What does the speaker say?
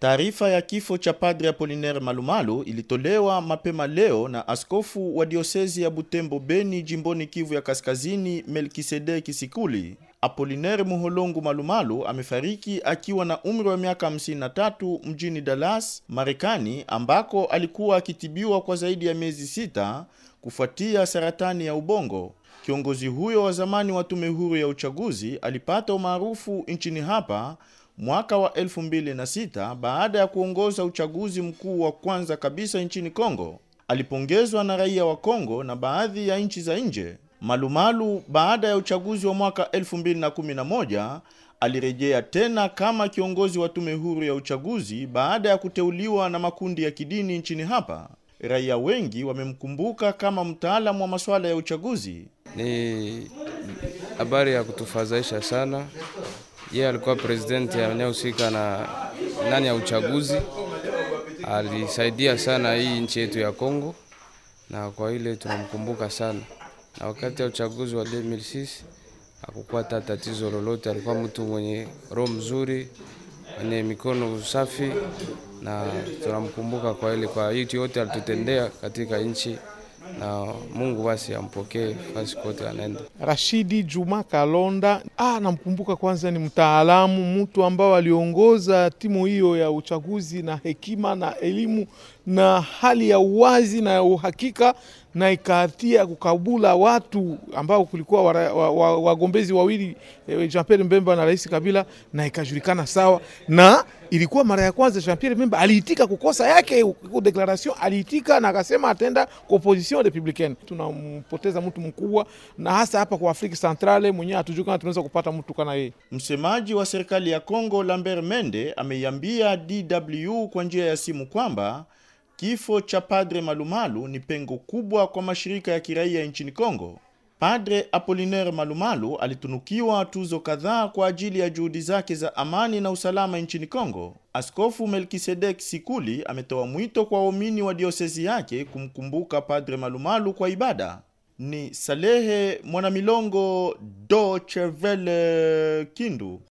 Taarifa ya kifo cha Padre Apolinaire Malumalu ilitolewa mapema leo na askofu wa diosezi ya Butembo Beni jimboni Kivu ya Kaskazini Melkisedeki Sikuli. Apolinaire Muholongo Malumalu amefariki akiwa na umri wa miaka 53 mjini Dallas, Marekani ambako alikuwa akitibiwa kwa zaidi ya miezi sita kufuatia saratani ya ubongo. Kiongozi huyo wa zamani wa tume huru ya uchaguzi alipata umaarufu nchini hapa mwaka wa 2006 baada ya kuongoza uchaguzi mkuu wa kwanza kabisa nchini Kongo. Alipongezwa na raia wa Kongo na baadhi ya nchi za nje. Malumalu baada ya uchaguzi wa mwaka 2011 alirejea tena kama kiongozi wa tume huru ya uchaguzi baada ya kuteuliwa na makundi ya kidini nchini hapa. Raia wengi wamemkumbuka kama mtaalamu wa masuala ya uchaguzi. Ni habari ya kutufadhaisha sana. Yeye alikuwa presidenti anayehusika na nani ya uchaguzi, alisaidia sana hii nchi yetu ya Kongo, na kwa ile tunamkumbuka sana na wakati ya uchaguzi wa 2006 hakukuwa hata tatizo lolote. Alikuwa mtu mwenye roho mzuri, mwenye mikono usafi, na tunamkumbuka kwa ile kwa yote yote alitutendea katika nchi na Mungu basi ampokee fasi kote anaenda. Rashidi Juma Kalonda, ah, namkumbuka kwanza, ni mtaalamu, mtu ambao aliongoza timu hiyo ya uchaguzi na hekima na elimu na hali ya uwazi na ya uhakika, na ikatia kukabula watu ambao kulikuwa wagombezi wa, wa, wa wawili eh, Jean Pierre Mbemba na Rais Kabila, na ikajulikana sawa, na ilikuwa mara ya kwanza Jean Pierre Mbemba aliitika kukosa yake declaration, aliitika na akasema atenda kwa opposition republicaine. Tunampoteza mtu mkubwa, na hasa hapa kwa Afrika Centrale mwenyewe hatujui kama tunaweza kupata mtu kana yeye. Msemaji wa serikali ya Kongo Lambert Mende ameiambia DW kwa njia ya simu kwamba Kifo cha Padre Malumalu ni pengo kubwa kwa mashirika ya kiraia nchini Kongo. Padre Apollinaire Malumalu alitunukiwa tuzo kadhaa kwa ajili ya juhudi zake za amani na usalama nchini Kongo. Askofu Melkisedek Sikuli ametoa mwito kwa waumini wa diosezi yake kumkumbuka Padre Malumalu kwa ibada. Ni Salehe Mwanamilongo, Dochevele, Kindu.